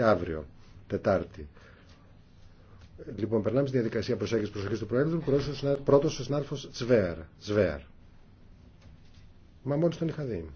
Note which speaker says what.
Speaker 1: αύριο, Τετάρτη. Λοιπόν, περνάμε στη διαδικασία προσέγγιση προσοχή του Προέδρου. Πρώτο ο συνάδελφο Τσβέαρ. Μα
Speaker 2: μόλι τον είχα δει.